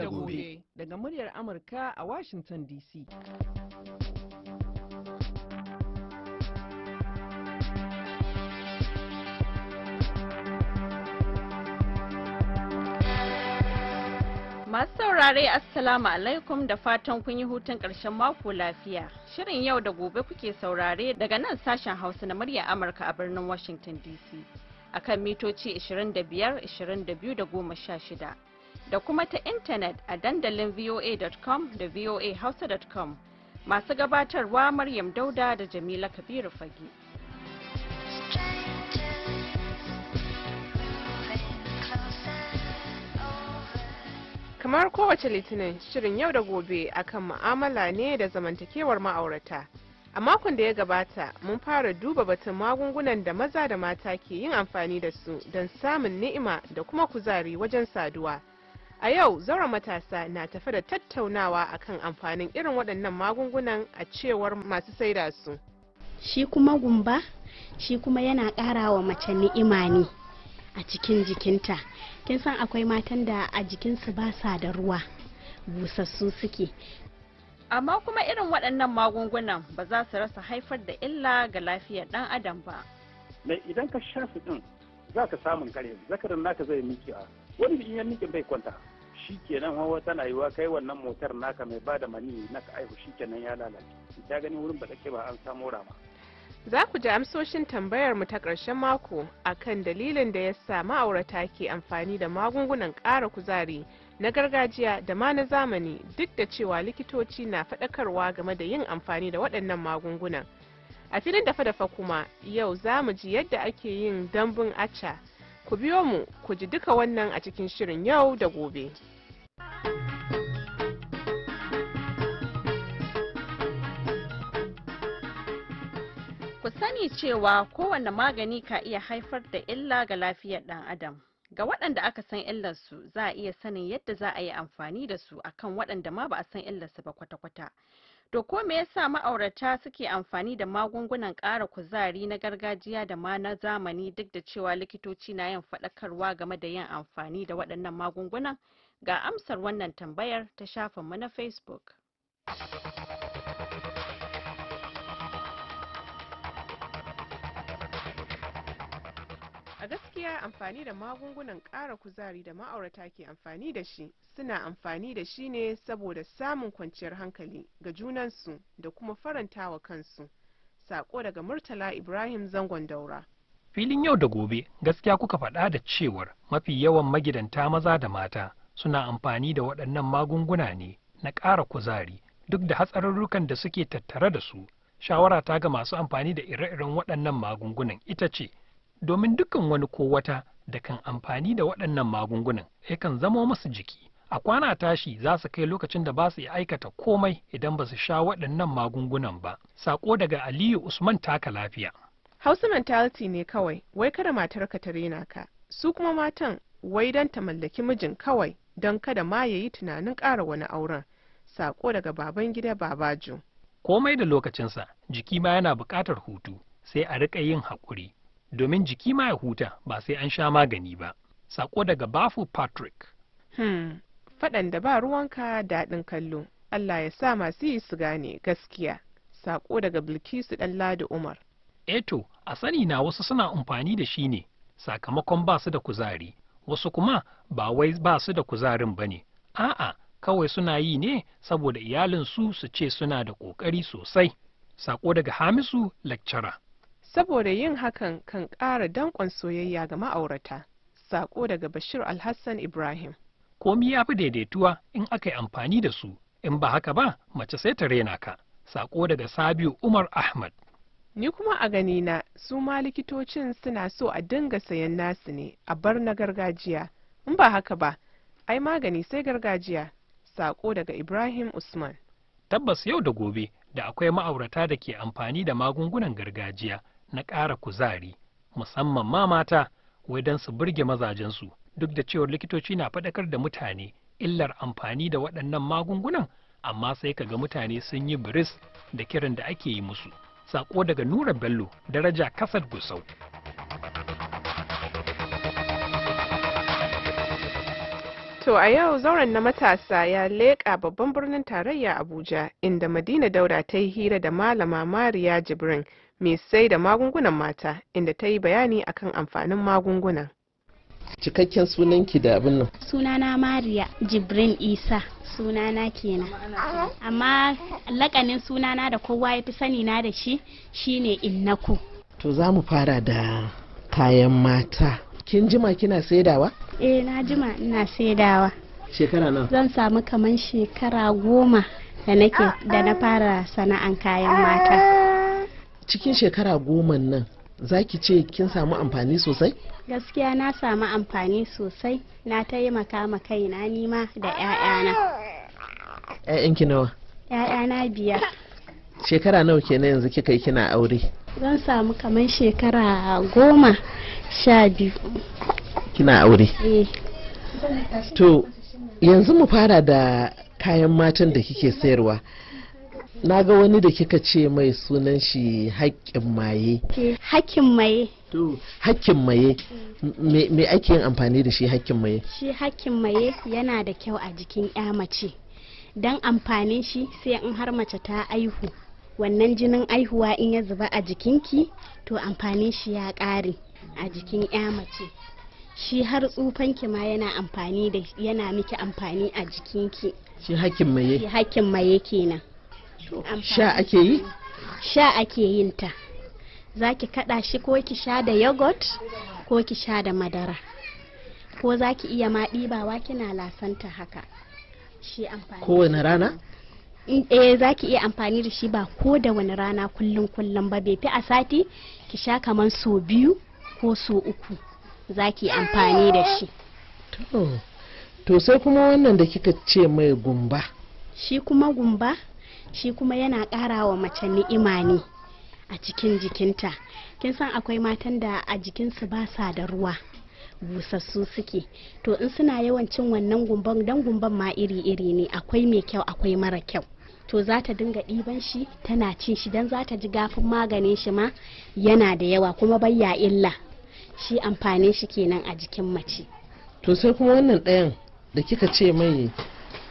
da gobe daga muryar Amurka a Washington DC. Masu saurare Assalamu alaikum da fatan kun yi hutun karshen mako lafiya. Shirin yau da gobe kuke saurare daga nan sashen Hausa na murya Amurka a birnin Washington DC. akan mitoci 25, 22 da 16. da kuma ta intanet a dandalin voa.com da voahausa.com masu gabatarwa maryam dauda da jamila kabiru fage kamar kowace litinin shirin yau da gobe akan ma'amala ne da zamantakewar ma'aurata a makon da ya gabata mun fara duba batun magungunan da maza da mata ke yin amfani da su don samun ni'ima da kuma kuzari wajen saduwa A yau zauren matasa na tafe da tattaunawa akan amfanin irin waɗannan magungunan a cewar masu saida su. Shi kuma gumba, shi kuma yana ƙara wa mace ni'ima ne a cikin jikinta. Kin san akwai matan da a jikinsu ba sa da ruwa, busassu suke. Amma kuma irin waɗannan magungunan ba za su rasa haifar da illa ga lafiyar ɗan adam ba. Mai idan ka sha su ɗin za ka samun kare, zakarin naka zai miƙewa, wani in ya miƙe bai kwanta. shi kenan hawa tana yiwa kai wannan motar naka mai bada mani naka aihu shi kenan ya lalace ta gani wurin ba ba an samo rama za ku ji amsoshin tambayar mu ta ƙarshen mako akan dalilin da ya sa ma'aurata ke amfani da magungunan ƙara kuzari na gargajiya da ma na zamani duk da cewa likitoci na faɗakarwa game da yin amfani da waɗannan magungunan a filin dafa-dafa kuma yau za mu ji yadda ake yin dambun acha Ku biyo mu ku ji duka wannan a cikin shirin yau da gobe. Ku sani cewa kowane magani ka iya haifar da illa ga lafiyar ɗan adam. Ga waɗanda aka san illarsu za a iya sanin yadda za a yi amfani da su akan waɗanda ma ba a san illarsu ba kwata-kwata. To ko me yasa ma'aurata suke amfani da magungunan ƙara kuzari na gargajiya da ma na zamani duk da cewa likitoci na yin faɗakarwa game da yin amfani da waɗannan magungunan? Ga amsar wannan tambayar ta mu na Facebook. a gaskiya amfani da magungunan ƙara kuzari da ma'aurata ke amfani da shi suna amfani da shi ne saboda samun kwanciyar hankali ga junansu da kuma farantawa kansu sako daga murtala ibrahim zangon daura filin yau da gobe gaskiya kuka faɗa da cewar mafi yawan magidanta maza da mata suna amfani da waɗannan magunguna ne na ƙara kuzari duk da hatsarurrukan da suke tattare da su shawara ta ga masu amfani da ire-iren waɗannan magungunan ita ce domin dukkan wani ko wata da kan amfani da waɗannan magungunan yakan zamo masu jiki a kwana tashi za su kai lokacin da ba su iya aikata komai idan ba su sha waɗannan magungunan ba sako daga aliyu usman taka lafiya hausa mentality ne kawai wai kada matarka ta rena ka su kuma matan wai don ta mallaki mijin kawai don kada ma ya yi tunanin ƙara wani auren sako daga baban gida babaju komai da lokacinsa jiki ma yana buƙatar hutu sai a riƙa yin haƙuri domin jiki ma ya huta ba sai an sha magani ba sako daga bafu patrick hmm faɗan da ba ruwanka daɗin kallo allah ya sa masu yi su gane gaskiya sako daga bilkisu ɗan ladi umar eto eh a sani na wasu suna amfani da shi ne sakamakon ba su da kuzari wasu kuma ba wai ba su da kuzarin ba ne a'a kawai suna yi ne saboda iyalinsu su ce suna da ƙoƙari sosai sako daga hamisu lecturer saboda yin hakan kan ƙara danƙon soyayya ga ma'aurata sako daga bashir alhassan ibrahim komi ya fi daidaituwa in aka yi amfani da su in ba haka ba mace sai ta rena ka sako daga sabiu umar ahmad ni kuma a gani na su ma likitocin suna so a dinga sayan nasu ne a bar na gargajiya in ba haka ba ai magani sai gargajiya sako daga ibrahim usman tabbas yau da gobe da akwai ma'aurata da ke amfani da magungunan gargajiya na ƙara kuzari musamman ma mata wai don su burge mazajensu duk da cewar likitoci na faɗakar da mutane illar amfani da waɗannan magungunan amma sai ka ga mutane sun yi biris da kiran da ake yi musu saƙo daga nura bello daraja kasar gusau To a yau zauren na matasa ya leƙa babban birnin tarayya Abuja inda Madina Daura ta yi hira da Malama Mariya Jibrin mai sai da magungunan mata inda ta yi bayani akan amfanin magungunan. cikakken sunanki da abin nan sunana mariya jibrin isa sunana kenan amma lakanin sunana da kowa ya fi sani na da shi shine innako to za mu fara da kayan mata kin jima kina saidawa eh na jima ina saidawa shekara nan zan samu kaman shekara goma da nake da na fara sana'an kayan mata cikin shekara goma nan za ki ce kin samu amfani sosai? gaskiya na samu amfani sosai na taimaka ma kaina nima da 'ya'yana 'ya'yanki nawa? 'ya'yana biyar shekara nawa kenan yanzu kika yi kina aure zan samu kamar shekara goma sha biyu kina aure eh. to yanzu mu fara da kayan matan da kike sayarwa na ga wani da kika ce mai sunan shi haƙƙin maye haƙƙin maye haƙƙin maye mm. me ake yin amfani da shi haƙƙin maye shi haƙƙin maye yana da kyau a jikin ya mace don amfanin shi sai in har mace ta aihu wannan jinin aihuwa in ya zuba a jikinki to amfanin shi ya ƙare a jikin ya mace shi har tsufanki ma yana amfani da yana miki amfani a jikinki shi haƙƙin maye shi haƙƙin maye kenan sha ake yi sha ake yin ta za ki kada shi ko ki sha da yogurt ko ki sha da madara ko za ki iya ma ɗibawa kina lasanta haka shi amfani kowane rana eh za ki iya amfani da shi ba ko da wani rana kullum kullum ba bai fi a sati ki sha kamar so biyu ko so uku za ki amfani da shi to sai kuma wannan da kika ce mai gumba shi kuma gumba shi kuma yana ƙara wa mace ni'ima ne a cikin jikinta kin san akwai matan da a jikinsu ba sa da ruwa busassu suke to in suna yawan cin wannan gumban dan gumban ma iri-iri ne akwai mai kyau akwai mara kyau to za ta dinga ɗiban shi tana cin shi don za ta ji gafin maganin shi ma yana da yawa kuma bayya illa shi amfanin shi kenan a jikin mace to sai kuma wannan ɗayan da kika ce mai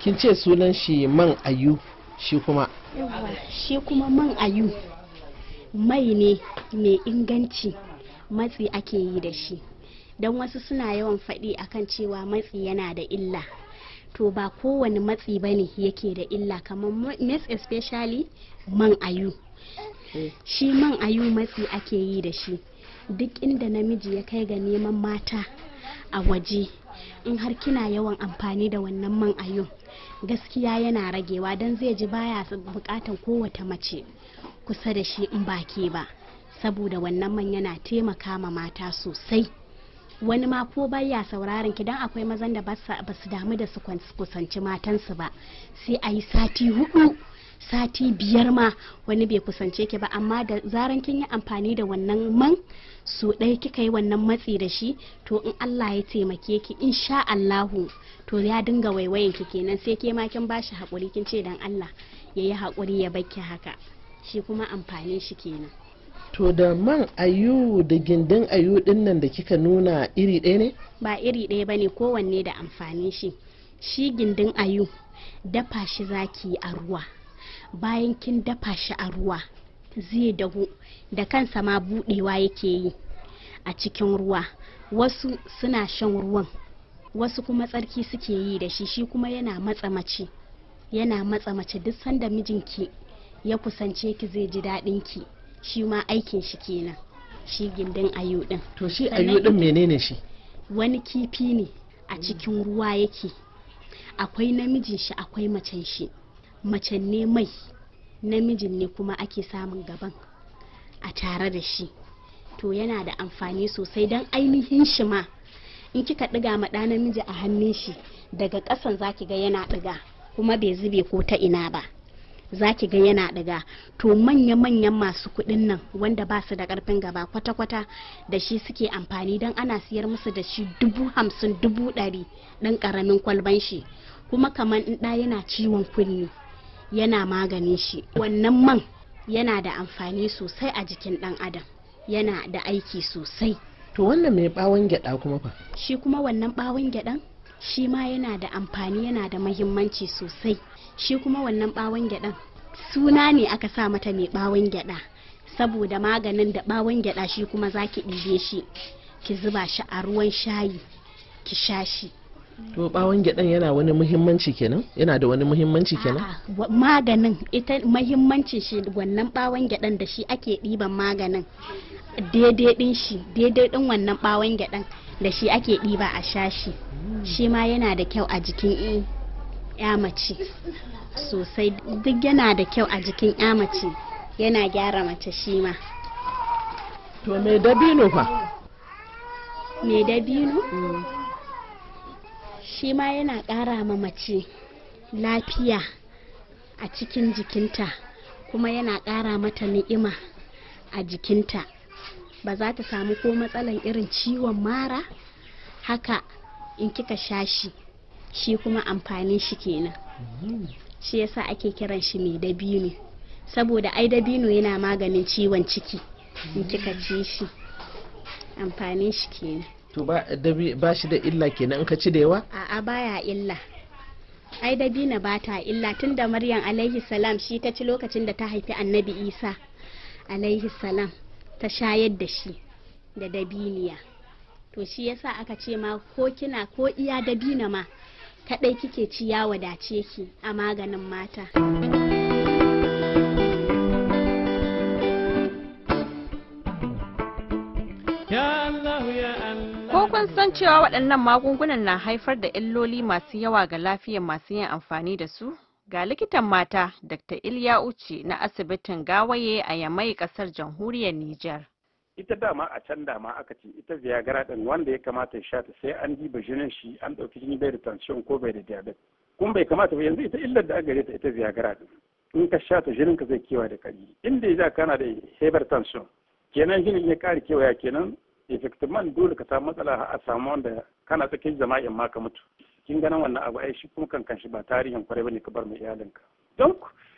kin ce sunan shi man ayu shi kuma shi kuma man ayu mai ne mai inganci matsi ake yi da shi don wasu suna yawan faɗi akan cewa matsi yana da illa to ba kowane matsi ba ne yake da illa kamar most especially man ayu eh. shi man ayu matsi ake yi da shi duk inda namiji ya kai ga neman mata a waje in har kina yawan amfani da wannan man ayu gaskiya yana ragewa don zai ji baya bukatan kowace mace kusa da shi in ba ke ba saboda wannan man yana taimaka ma mata sosai wani ma ko baya sauraron ki dan akwai mazan da ba su damu da su kusanci matansu ba sai a yi sati hudu sati biyar ma wani bai kusance ki ba amma da zaran kin yi amfani da wannan man su ɗaya kika yi wannan matsi da shi to in Allah ya taimake ki insha Allahu to ya dinga waiwayin ki kenan sai ke ma kin bashi haƙuri kin ce dan Allah ya yi haƙuri ya baki haka shi kuma amfanin shi kenan to da man ayu da gindin ayu ɗin nan da kika nuna iri ɗaya ne ba iri ɗaya bane kowanne da amfani shi shi gindin ayu dafa shi zaki a ruwa bayan kin dafa shi a ruwa zai dahu da kansa ma budewa yake yi a cikin ruwa wasu suna shan ruwan wasu kuma tsarki suke yi da shi shi kuma yana matsa mace yana matsa mace duk sanda mijinki ya kusance ki zai ji daɗin ki shi ma aikin shi kenan shi gindin ayo to shi ayo din menene shi wani kifi ne a cikin ruwa yake akwai namijin shi akwai macen shi macen ne mai namijin ne kuma ake samun gaban a tare da shi to yana da amfani sosai don ainihin shi ma in kika ɗiga ma ɗa namiji a hannun shi daga ƙasan zaki ga yana ɗiga kuma bai zube ko ta ina ba zaki ga yana ɗiga to manya-manyan masu kuɗin nan wanda ba su da ƙarfin gaba kwata-kwata da shi suke amfani don ana siyar musu da shi dubu hamsin dubu ɗari ɗan ƙaramin kwalban shi kuma kamar in ɗa yana ciwon kunni yana maganin shi wannan man yana da amfani sosai a jikin dan adam yana da aiki sosai to wannan mai bawon gyada kuma fa shi kuma wannan bawon gyadan shi ma yana da amfani yana da mahimmanci sosai shi kuma wannan bawon gyadan suna ne aka sa mata mai bawon gyada saboda maganin da bawon gyada shi kuma zaki ɗibe shi ki zuba shi a ruwan shayi ki sha shi to bawon gyaɗan yana wani muhimmanci kenan yana da wani muhimmanci kenan maganin ita muhimmancin shi wannan bawon gyaɗan da shi ake ɗiban maganin daidai ɗin shi daidai ɗin wannan bawon gyaɗan da shi ake ɗiba a shashi shi ma yana da kyau a jikin ya mace sosai duk yana da kyau a jikin ya mace yana gyara mace shi ma to me dabino fa me dabino mm. shi ma yana ƙara ma mace lafiya a cikin jikinta kuma yana ƙara mata ni'ima a jikinta ba za ta samu ko matsalan irin ciwon mara haka in kika sha shi shi kuma amfanin shi kenan shi yasa ake kiran shi mai dabino saboda ai dabino yana maganin ciwon ciki in kika ci shi amfanin shi kenan to ba shi da illa kenan in ka ci da yawa a'a baya illa ai dabina ba ta illa tunda maryam alaihi salam shi ta ci lokacin da ta haifi annabi isa alaihi salam ta shayar da shi da dabiniya to shi yasa aka ce ma ko kina ko iya dabina ma kadai kike ci ya wadace ki a maganin mata san cewa waɗannan magungunan na haifar da illoli masu yawa ga lafiyar masu yin amfani da su ga likitan mata dr ilya uce na asibitin gawaye a yamai kasar jamhuriyar niger ita dama a can dama aka ce ita viagra din wanda ya kamata ya shata sai an diba jinin shi an ɗauki jini bai da tension ko bai da diabetes kun bai kamata ba yanzu ita illar da aka ta ita viagra din in ka shata jinin ka zai kewa da kari inda ya kana da hypertension kenan jinin ya kare kewaya kenan effectivement dole ka samu matsala a samu wanda kana tsakin jama'in ma ka mutu kin ganin wannan abu ai shi kuma kankan shi ba tarihin kwarai bane ka bar mai iyalinka don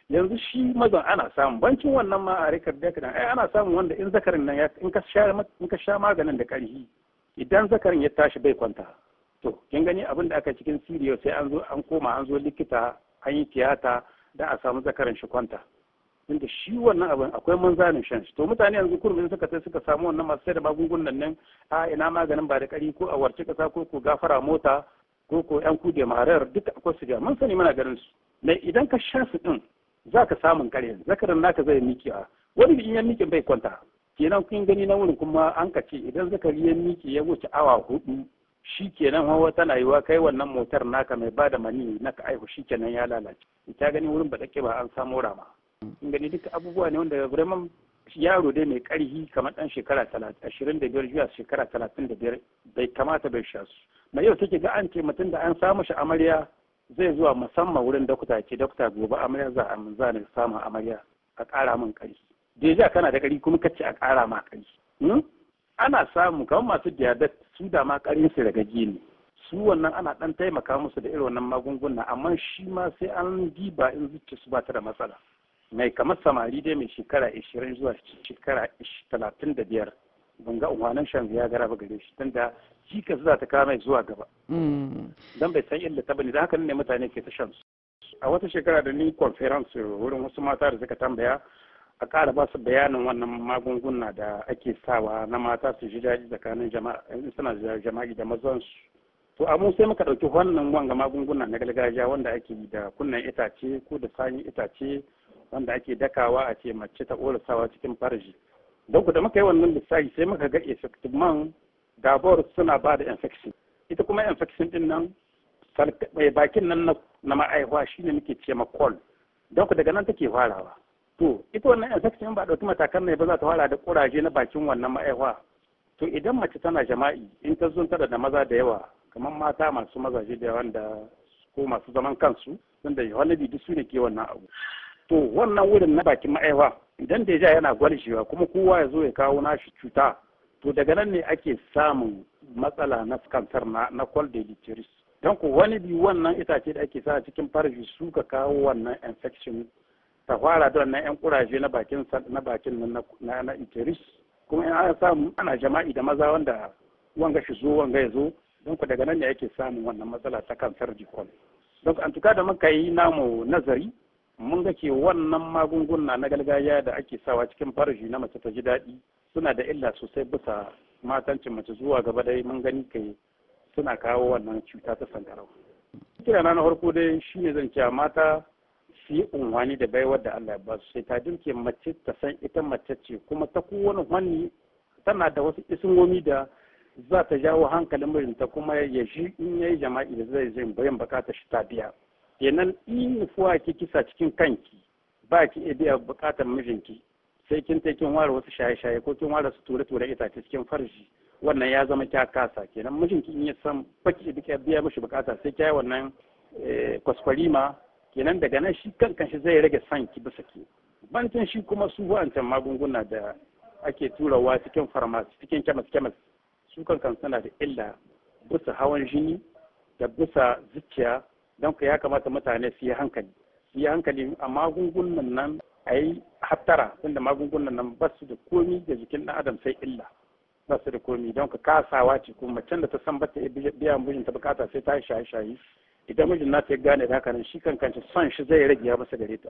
yanzu shi mazan ana samu bancin wannan ma a rikar da kadan ai ana samun wanda in zakarin nan ya in ka sha in ka sha maganin da karhi idan zakarin ya tashi bai kwanta to kin gani abin da aka cikin siriyo sai an zo an koma an zo likita an yi tiyata da a samu zakarin shi kwanta inda shi wannan abin akwai manzanin shan shi to mutane yanzu kurbin suka sai suka samu wannan masu sai da magungunan nan a ina maganin ba da kari ko a warce kasa ko ko gafara mota ko ko yan kude marar duka akwai su mun sani muna ganin su na idan ka sha su din za ka samu kare zakarin naka zai miki a wani in ya miki bai kwanta kenan kun gani na wurin kuma an ka ce idan zakari ya miki ya wuce awa hudu shi kenan hawa tana yiwa kai wannan motar naka mai bada mani naka aihu shi kenan ya lalace ita gani wurin ba ba an samo rama gani duka abubuwa ne wanda vraiment yaro dai mai karhi kamar dan shekara ashirin da biyar zuwa shekara talatin bai kamata bai sha su ma yau take ga an ce mutum da an samu shi amarya zai zuwa musamman wurin dokta ce dokta gobe amarya za a za ne amarya a ƙara min Da ya kana da ƙari kuma kace a ƙara ma ƙari hmm? ana samu kamar masu diabetes su da ma karin su daga gini su wannan ana ɗan taimaka musu da irin wannan magunguna amma shi ma sai an diba in zuciya su ba ta da matsala mai kamar samari dai mai shekara 20 zuwa shekara 35 ban ga umarnin shan gara ba gare shi tunda jikas za ta kama zuwa gaba hmm. don bai san illa ta bane da haka ne mutane ke ta shan su a wata shekara da ni conference wurin wasu mata da suka tambaya a ƙara ba su bayanin wannan magunguna da ake sawa na mata su ji daji tsakanin jama'a suna jama'i da mazan su to amma sai muka ɗauki wannan wanga magunguna na gargajiya wanda ake yi da kunnan itace ko da sanyin itace wanda ake dakawa a ce mace ta ƙorasawa cikin farji don ku da muka yi wannan lissafi sai muka ga effectivement gabor suna ba da infection ita kuma infection din nan mai eh, bakin nan na ma'aihuwa shine muke ce ma don ku daga nan take farawa to ita wannan infection ba ɗauki matakan ne ba za ta fara da ƙuraje na bakin wannan ma'aihuwa to idan mace tana jama'i in ta zuntar da maza da yawa kamar mata masu mazaje da yawa ko masu zaman kansu tunda yohanabi duk su ne ke wannan abu to wannan wurin na bakin ma'aiwa idan da deja yana gwalishewa kuma kowa ya zo ya kawo nashi cuta to daga nan ne ake samun matsala na kansar na col da don ku wani biyu wannan itace da ake sa cikin farji su ka kawo wannan infection ta fara da wannan yan kuraje na bakin na bakin na na itiris kuma in an samu ana jama'i da maza wanda wanga shi zo wanga ya zo don ku daga nan ne ake samun wannan matsala ta kansar jikon don an tuka da muka yi namu nazari mun ga ke wannan magunguna na gargajiya da ake sawa cikin farashi na mace ta ji daɗi suna da illa sosai bisa matancin mace zuwa gaba dai mun gani kai suna kawo wannan cuta ta sankarau kira na farko dai ne zan cewa mata su yi unwani da baiwar da Allah ya ba su sai ta dinke mace ta san ita mace ce kuma ta kowane wani tana da wasu isingomi da za ta jawo hankalin mijinta kuma ya shi in yayi jama'i da zai zai bayan bukatar shi ta biya kenan in kuwa ki kisa cikin kanki ba ki biya bukatar mijinki sai kin ta kin ware wasu shaye-shaye ko kin ware su ture-ture itace cikin farji wannan ya zama kya kasa kenan mijinki in ya san baki iya biya mishi bukata sai kya yi wannan eh, kwaskwarima kenan daga nan shi kankan shi zai rage san ki bisa ki bancin shi kuma su wa'ancan magunguna da ake turawa cikin farmasi cikin kemis kemis su kankan suna da illa bisa hawan jini da bisa zuciya don ku ya kamata mutane su yi hankali su yi hankali a magungunan nan a yi hattara tunda magungunan nan ba su da komi da jikin ɗan adam sai illa ba su da komi don ka kasawa ce kuma macen da ta san ba ta biya mijin ta bukata sai ta yi shaye-shaye idan mijin na ta gane da hakanan shi kan kanci son shi zai rage ya masa gare ta.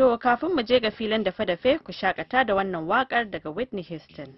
To kafin mu je ga filin dafe-dafe ku shakata da wannan wakar daga Whitney Houston.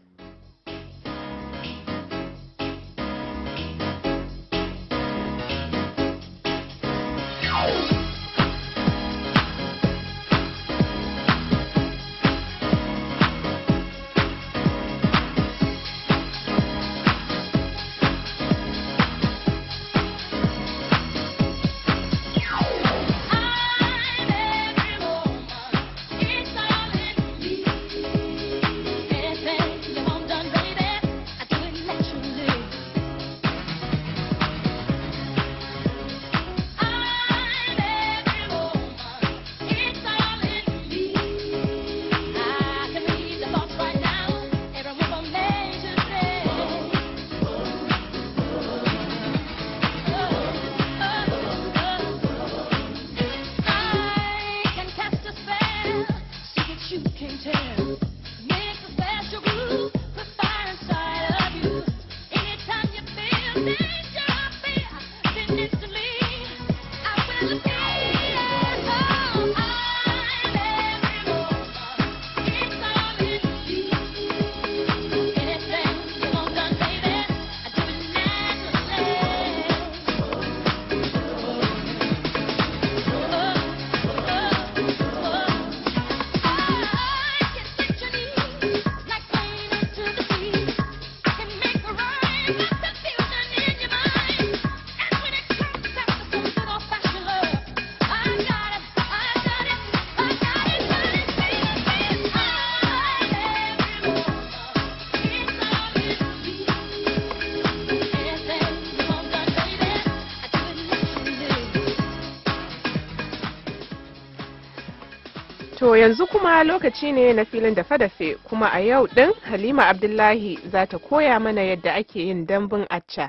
yanzu kuma lokaci ne na filin dafe-dafe kuma a yau ɗin Halima Abdullahi za ta koya mana yadda ake yin dambun acca.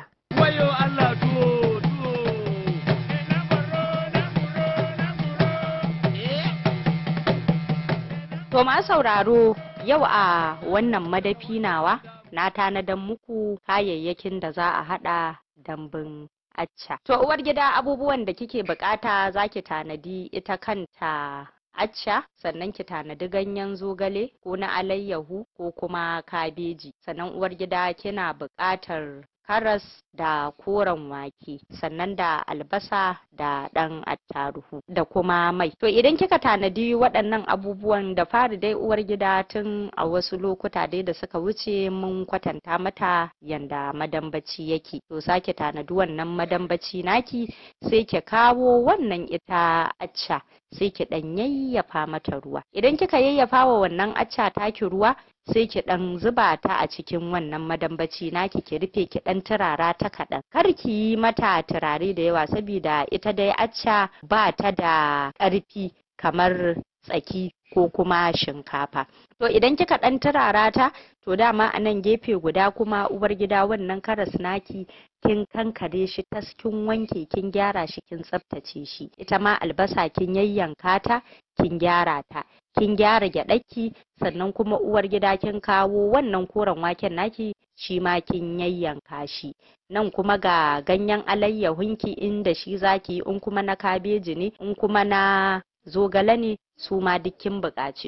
To ma sauraro yau a wannan madafi nawa na tanadan muku kayayyakin da za a haɗa dambun acca. To uwar gida abubuwan da kike bukata zaki tanadi ita kanta acca sannan ki tanadi ganyen zogale ko na alayyahu ko kuma kabeji sannan uwar gida kina buƙatar karas da koren wake sannan da albasa da ɗan attaruhu da kuma mai to idan kika tanadi waɗannan abubuwan da fari dai uwar gida tun a wasu lokuta dai da suka wuce mun kwatanta mata yanda madambaci yake to sake tanadi wannan madambaci naki sai ki kawo wannan ita acca sai ki dan yayyafa mata ruwa idan kika yayyafa wa wannan acca ta ki ruwa sai ki dan zuba ta a cikin wannan madambaci naki ki rufe ki dan turara ta kaɗan kar ki yi mata turare da yawa saboda ita dai acca ba ta da ƙarfi kamar tsaki ko kuma shinkafa to idan kika ɗan turarata ta to dama a nan gefe guda kuma uwar gida wannan karas naki kin kankare shi tas kin wanke kin gyara shi kin tsaftace shi ita ma albasa kin yayyanka ta kin gyara ta kin gyara gyaɗaki sannan kuma uwar gida kin kawo wannan koren waken naki shi ma kin yayyanka shi nan kuma ga ganyen alayyahunki inda shi zaki in kuma na kabeji ne in kuma na zogale ne su ma duk kin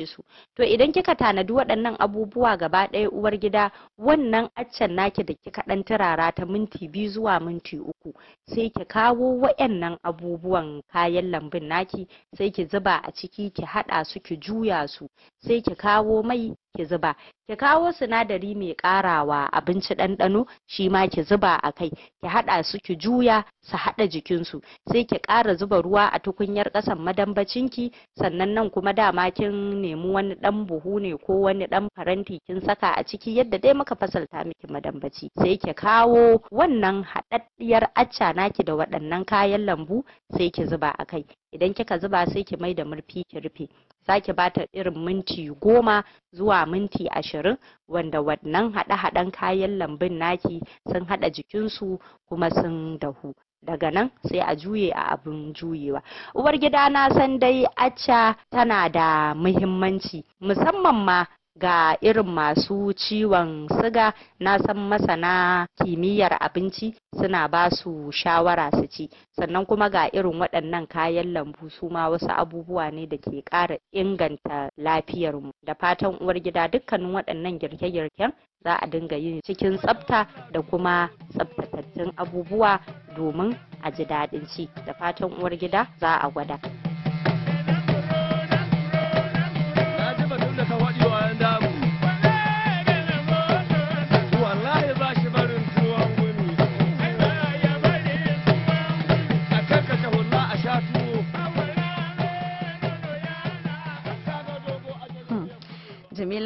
su to idan kika tanadi waɗannan abubuwa gaba ɗaya uwar gida wannan accan naki da kika ɗan turara ta minti biyu zuwa minti uku sai ki kawo waɗannan abubuwan kayan lambun naki sai ki zuba a ciki ki haɗa su ki juya su sai ki kawo mai ki zuba ki kawo sinadari mai karawa abinci ɗanɗano shi ma ki zuba a kai ki haɗa su ki juya su haɗa jikinsu sai ki ƙara zuba ruwa a tukunyar ƙasan madambacinki sannan nan kuma dama kin nemi wani dan buhu ne ko wani dan faranti kin saka a ciki yadda dai muka fasalta miki madambaci sai ki kawo wannan haɗaɗɗiyar acca naki da waɗannan kayan lambu sai ki zuba a kai idan kika zuba sai ki mai da murfi ki rufe ba bata irin minti goma zuwa minti ashirin wanda wannan haɗe-haɗen kayan lambun naki sun haɗa jikinsu kuma sun dahu daga nan sai a juye a abin juyewa uwar gida na san dai acca tana da muhimmanci musamman ma ga irin masu ciwon siga na san masana kimiyyar abinci suna ba su shawara su ci sannan kuma ga irin waɗannan kayan lambu su ma wasu abubuwa ne da ke ƙara inganta lafiyarmu da fatan uwar gida dukkanin waɗannan girke-girken za a dinga yin cikin tsafta da kuma tsaftatattun abubuwa domin a ji daɗin ci da fatan uwar gida za a gwada.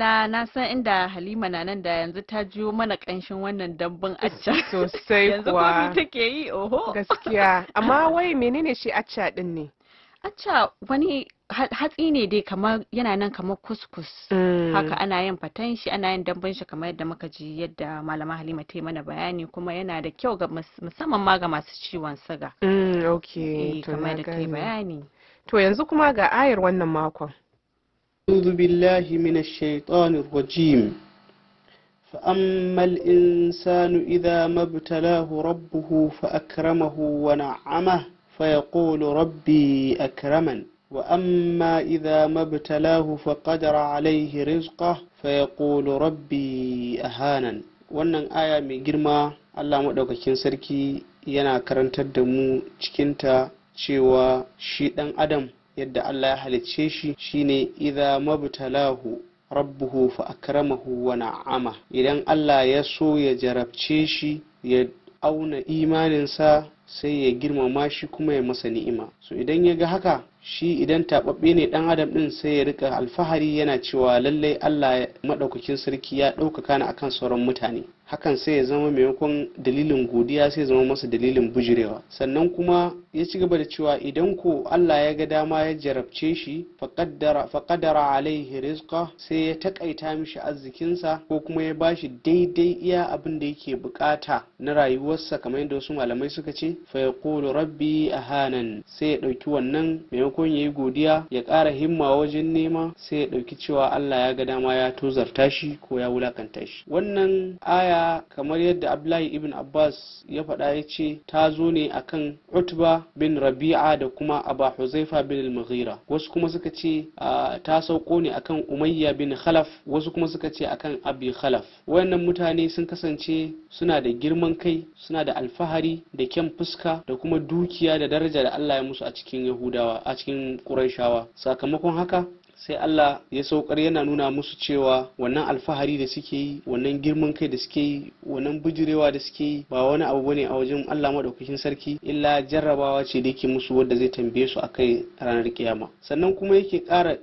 na na san inda Halima na nan da yanzu ta jiyo mana kanshin wannan dambun acca sosai yanzu komi take yi oho gaskiya amma wai menene shi acca din ne acca wani hatsi ne dai kamar yana nan kamar kuskus mm. haka ana yin fatan shi ana yin dambun shi kamar yadda muka ji yadda malama halima ta mana bayani kuma yana da kyau ga musamman ma ga masu ciwon suga mm, okay eh, kamar da ta bayani to yanzu kuma ga ayar wannan makon أعوذ بالله من الشيطان الرجيم فأما الإنسان إذا ما ابتلاه ربه فأكرمه ونعمه فيقول ربي أكرمن وأما إذا ما ابتلاه فقدر عليه رزقه فيقول ربي أهانن wannan aya mai girma Allah maɗaukakin sarki yana karantar da mu cikinta cewa shi ɗan adam yadda Allah ya halicce shi shine idza mabtalahu rabbuhu fa akramahu wa na'ama idan Allah ya so ya jarabce shi ya auna imaninsa sai ya girmama shi kuma ya masa ni'ima so idan ya ga haka shi idan taɓaɓɓe ne ɗan adam ɗin sai ya rika alfahari yana cewa lallai allah maɗaukakin sarki ya ɗaukaka ni akan sauran mutane hakan sai ya zama maimakon dalilin godiya sai zama masa dalilin bujirewa sannan kuma ya ci gaba da cewa idan ko allah ya ga dama ya jarabce shi faƙadara alaihi rizqa sai ya takaita mishi arzikinsa ko kuma ya bashi daidai iya abin da yake bukata na rayuwarsa kamar yadda wasu malamai suka ce fa rabbi a hanan sai ya ɗauki wannan maimakon maimakon ya yi godiya ya ƙara himma wajen nema sai ya ɗauki cewa Allah ya ga dama ya tozarta shi ko ya wulakanta shi wannan aya kamar yadda Abdullahi ibn Abbas ya faɗa ya ce ta zo ne akan Utba bin Rabi'a da kuma Aba Huzaifa bin Al-Mughira wasu kuma suka ce ta sauko ne akan Umayya bin Khalaf wasu kuma suka ce akan Abi Khalaf wayannan mutane sun kasance suna da girman kai suna da alfahari da kyan fuska da kuma dukiya da daraja da Allah ya musu a cikin Yahudawa a cikin ƙurayshawa sakamakon haka sai Allah ya saukar yana nuna musu cewa wannan alfahari da suke yi wannan girman kai da suke yi wannan bijirewa da suke yi ba wani abu bane a wajen Allah madaukakin sarki illa jarrabawa ce da yake musu wadda zai tambaye su a akai ranar kiyama sannan kuma yake ƙara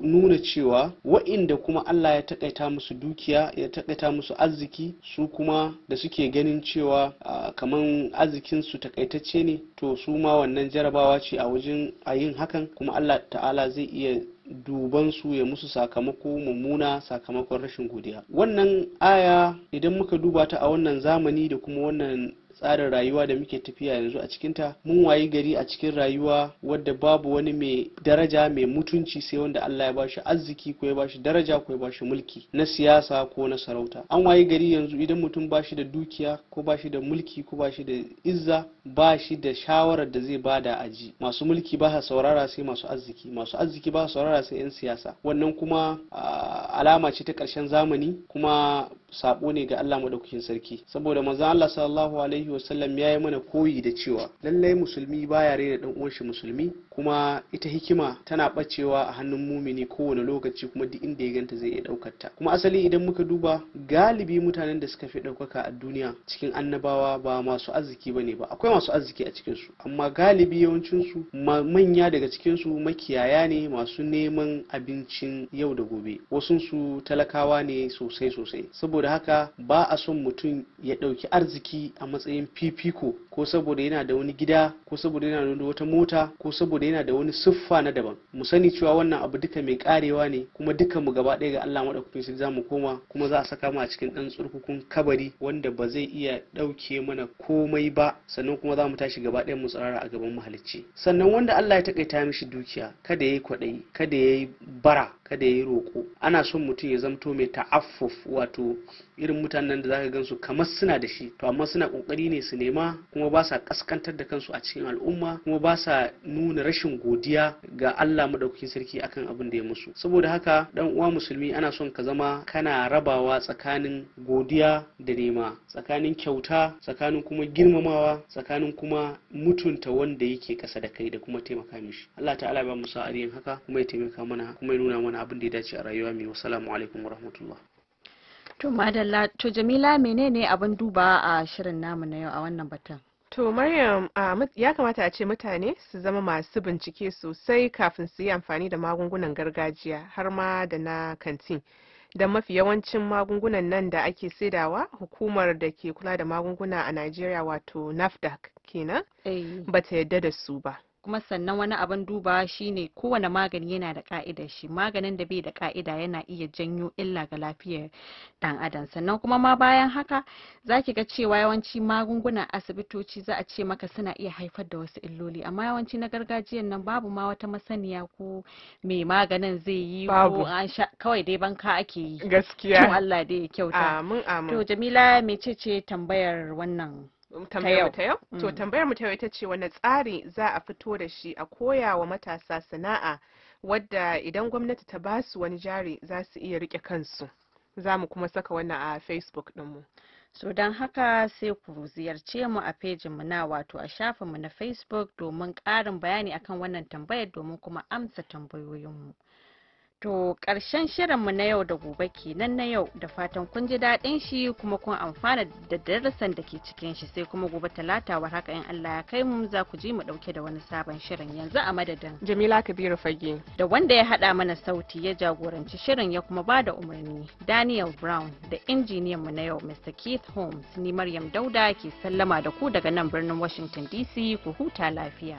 nuna cewa wa'inda kuma Allah ya takaita musu dukiya ya takaita musu arziki su kuma da suke ganin cewa kaman arzikin su takaitacce ne to su ma wannan jarabawa ce a wajen a yin hakan kuma Allah ta'ala zai iya duban su ya musu sakamako mummuna sakamakon rashin godiya wannan aya idan muka duba ta a wannan zamani da kuma wannan tsarin rayuwa da muke tafiya yanzu a cikinta mun wayi gari a cikin rayuwa wadda babu wani mai daraja mai mutunci sai wanda Allah ya bashi arziki ko ya bashi daraja ko ya bashi mulki na siyasa ko na sarauta an wayi gari yanzu idan mutum bashi da dukiya ko bashi da mulki ko bashi da izza ba shi da shawarar da zai bada aji masu mulki ba saurara sai masu arziki masu arziki ba saurara sai 'yan siyasa wannan kuma alama ce ta karshen zamani kuma sabo ne ga Allah madaukakin sarki saboda manzon Allah sallallahu alaihi wasallam ya yi mana koyi da cewa lallai musulmi baya rena dan uwan shi musulmi kuma ita hikima tana bacewa a hannun mumini kowane lokaci kuma duk inda ya ganta zai iya daukar ta kuma asali idan muka duba galibi mutanen da suka fi daukaka a duniya cikin annabawa ba masu arziki bane ba akwai masu arziki a cikinsu amma galibi yawancinsu manya daga cikinsu makiyaya ne masu neman abincin yau da gobe wasunsu talakawa ne sosai sosai saboda haka ba a son mutum ya ɗauki arziki a matsayin fifiko ko saboda yana da wani gida ko saboda yana da wata mota ko saboda yana da wani siffa na daban mu sani cewa wannan abu duka mai karewa ne kuma duka mu gaba ɗaya ga Allah madaukakin sarki zamu koma kuma za a saka mu a cikin ɗan tsurkukun kabari wanda ba zai iya ɗauke mana komai ba sannan kuma za mu tashi gaba ɗaya mu tsirara a gaban mahalicci sannan wanda Allah ya takaita mishi dukiya kada ya yi kwaɗayi kada ya yi bara kada ya yi roƙo ana son mutum ya zamto mai ta'affuf wato irin mutanen da zaka gansu kamar suna da shi to amma suna kokari ne su nema kuma ba sa kaskantar da kansu a cikin al'umma kuma ba sa nuna rashin godiya ga Allah madaukakin sarki akan abin da ya musu saboda haka dan uwa musulmi ana son ka zama kana rabawa tsakanin godiya da nema tsakanin kyauta tsakanin kuma girmamawa tsakanin kuma mutunta wanda yake kasa da kai da kuma taimaka mishi Allah ta'ala ba mu sa'ariyin haka kuma ya taimaka mana kuma ya nuna mana abin da ya dace a rayuwa mai wasalamu alaikum rahmatullah to madalla to jamila menene abin duba a shirin namu na yau a wannan batun To Maryam ya kamata a ce mutane su zama masu bincike sosai kafin su yi amfani da magungunan gargajiya har ma da na kantin. Da mafi yawancin magungunan nan da ake saidawa hukumar da ke kula da magunguna a Najeriya wato NAFDAC kenan eh. ba ta yadda da su ba. kuma sannan wani abin dubawa shine kowane magani yana da ka'idar shi maganin da bai da ka'ida yana iya janyo illa ga lafiyar dan adam sannan kuma ma bayan haka zaki ga cewa yawanci magungunan asibitoci za a ce maka suna iya haifar da wasu illoli amma yawanci na gargajiyan nan babu ma wata masaniya ko mai maganin zai yi ko an sha kawai dai banka ake yi gaskiya to Allah dai ya kyauta amin amin to Jamila mecece tambayar wannan tambayar ta yau to mm. tambayar mu ta yau ita ce wani tsari za a fito da shi a koya wa matasa sana'a wadda idan gwamnati ta ba su wani jari za su iya rike kansu za mu kuma saka wannan a facebook mu. so don haka sai ku ziyarce mu a fejin mu na wato a mu na facebook domin ƙarin bayani akan wannan tambayar domin kuma amsa tambayoyin mu. To ƙarshen shirinmu na yau da gobe kenan na yau da fatan kun ji daɗin shi kuma kun amfana da darasan da ke cikin shi sai kuma gobe talata war haka in Allah ya kai mu za ku ji mu ɗauke da wani sabon shirin yanzu a madadin. Jamila Kabiru Fage. Da wanda ya haɗa mana sauti ya jagoranci shirin ya kuma ba da umarni Daniel Brown da injiniyan mu na yau Mr. Keith Holmes ni Maryam Dauda ke sallama da ku daga nan birnin Washington DC ku huta lafiya.